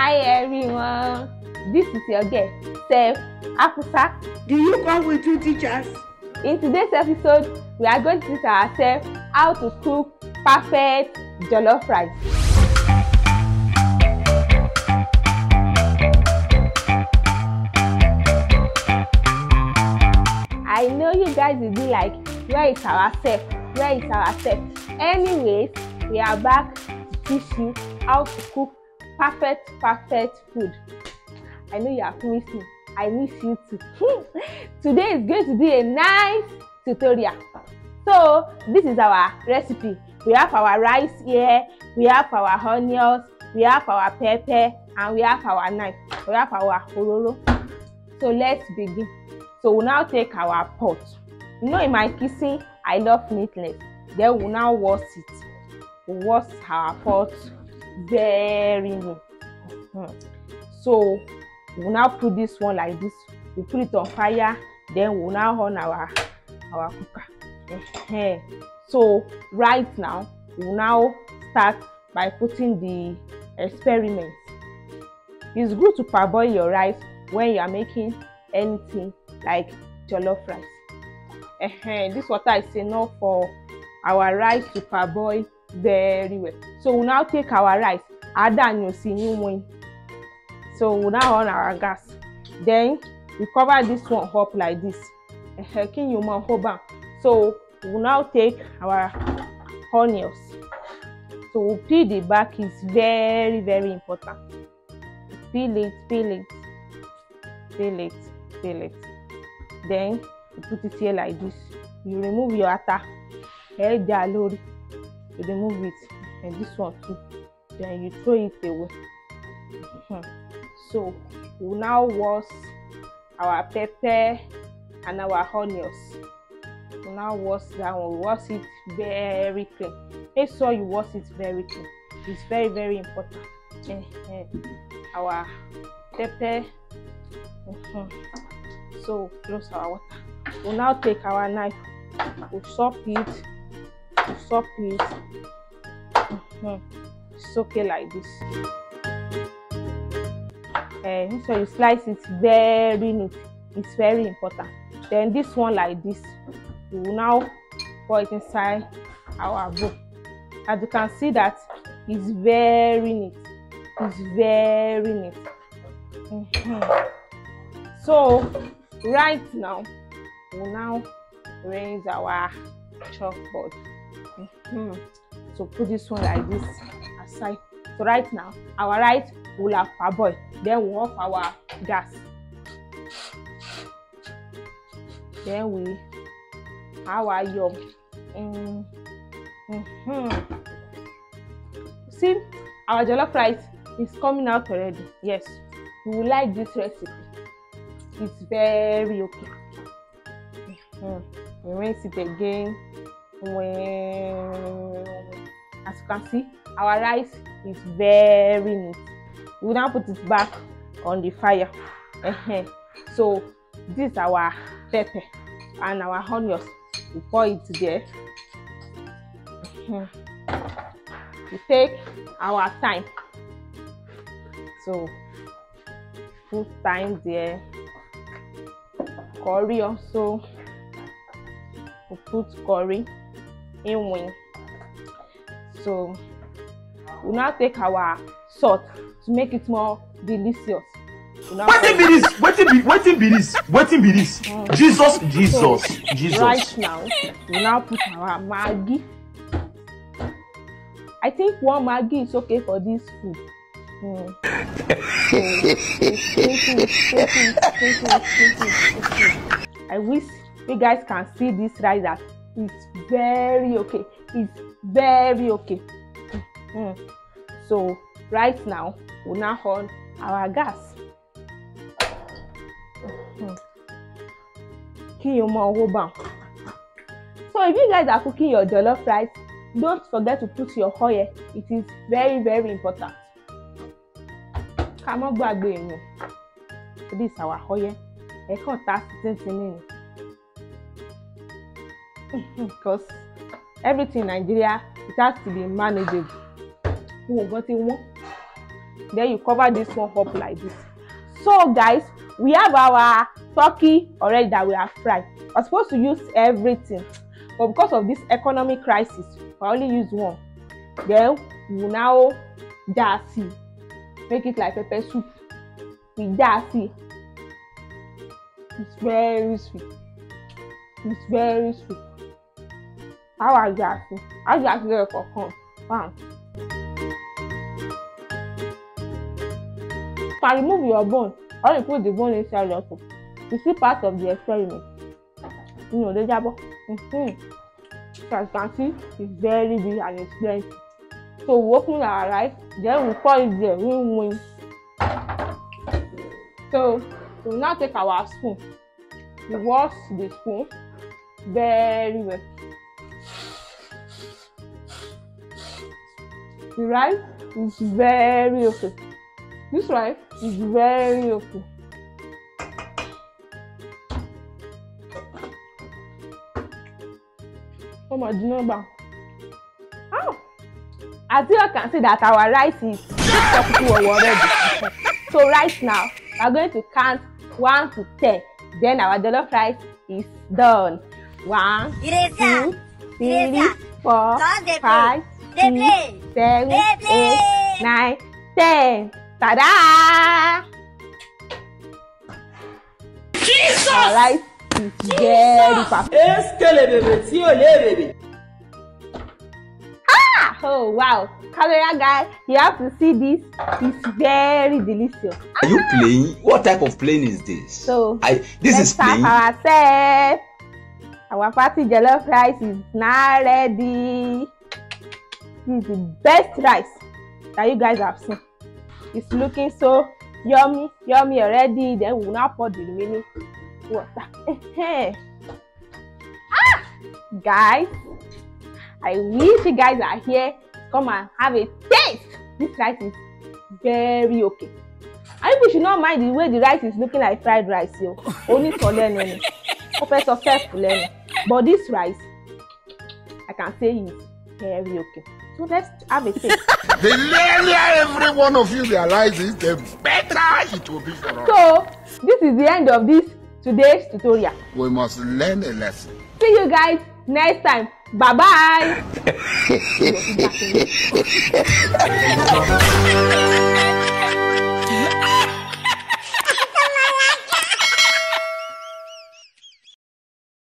Hi everyone. This is your guest, Sef Afusa. Do you come with two teachers? In today's episode, we are going to teach ourselves how to cook perfect jollof rice. I know you guys will be like, where is our Sef? Where is our Sef? Anyways, we are back to teach you how to cook perfect perfect food i know you are missing i miss you too today is going to be a nice tutorial so this is our recipe we have our rice here we have our onions we have our pepper and we have our knife we have our ororo so let's begin so we now take our pot you know in my kitchen i love meatless. then we now wash it we wash our pot very neat hmm so we will now put this one like this we put it on fire then we now on our our cooker hmm so right now we will now start by putting the experiment. it's good to parboil your rice when you are making anything like jollof rice uh-huh. this water is enough for our rice to parboil very well so we now take our rice add am you see new one so we now on our gas then we cover this one up like this kin you man hold am so we now take our onions so we peel the back is very very important peel it peel it peel it peel it then you put it here like this you remove your ata ẹ dà lórí you remove it and this one too then you throw it away hmm. so we now wash our pepper and our onions we now wash that one we wash it very clean make sure you wash it very clean it's very very important our pepper hmm. so close our water we now take our knife we chop it soak it mm soak it like this uh, make sure you slice it very neat it's very important then this one like this you will now pour it inside our bowl as you can see that it's very neat it's very neat mm -hmm. so right now we we'll now raise our chalkboard. Mm-hmm. So put this one like this aside. So right now, our right will have our boy. Then we off our gas. Then we our yum. Mm. Mm-hmm. See, our jollof rice is coming out already. Yes, you will like this recipe. It's very okay. Mm-hmm we rinse it again when as you can see our rice is very neat we now put it back on the fire so this our pepper and our onions we pour it there we take our time so put time there curry also we put curry in so we now take our salt to make it more delicious wetin be this wetin be wetin be this wetin be this mm. jesus jesus so, jesus right now we now put our maggi i think one maggi is okay for this food i wish you guys can see this rice that is very okay it's very okay mm. so right now we now on our gas mm-hmm. kí yín so if you guys are cooking your jollof rice don't forget to put your oil it is very very important ká má gbàgbé yín this our oil ẹ kàn ta sí tíntìn nìyí because everything in Nigeria it has to be managed. owó nǹkan ti wọ́n then you cover this one up like this so guys we have our turkey already that we have fried we are supposed to use everything but because of this economic crisis we only use one then we now da make it like pepper soup we da it's very sweet is very sweet a wá gbà sí a gbà sí lẹ́ẹ̀kọ̀ọ̀kan bam. If I remove your bone or you put the bone inside your soup you see part of the experiment you know the jabo mm-hmm. as you can see it's very big and it's plenty so we open our eyes then we pour it there win win so we now take our spoon we wash the spoon very well. The rice is very okay. This rice is very okay. Oh my number. Oh, ah! I think I can see, that our rice is six people already. So right now, we are going to count one to ten. Then our jollof rice is done. One, two, three, four, five, six, seven, eight, nine, ten. Ta-da! Jesus! All right, it's very perfect. Est-ce que le bébé tient le Ah! Oh, wow. Camera guy, you have to see this. It's very delicious. Are you playing? What type of plane is this? So, I, this let's is playing. ourselves. Our party jollof rice is now ready. This is the best rice that you guys have seen. It's looking so yummy, yummy already. Then we now pour the remaining water. ah! Guys, I wish you guys are here. Come and have a taste. This rice is very okay. I hope you should not mind the way the rice is looking like fried rice. Only for them. Eh ó fẹ́ sọ but this rice I can say is very okay so let's have a taste. the earlier every one of you realize it the better it will be for us. so this is the end of this today's tutorial. we must learn a lesson. see you guys next time bye bye.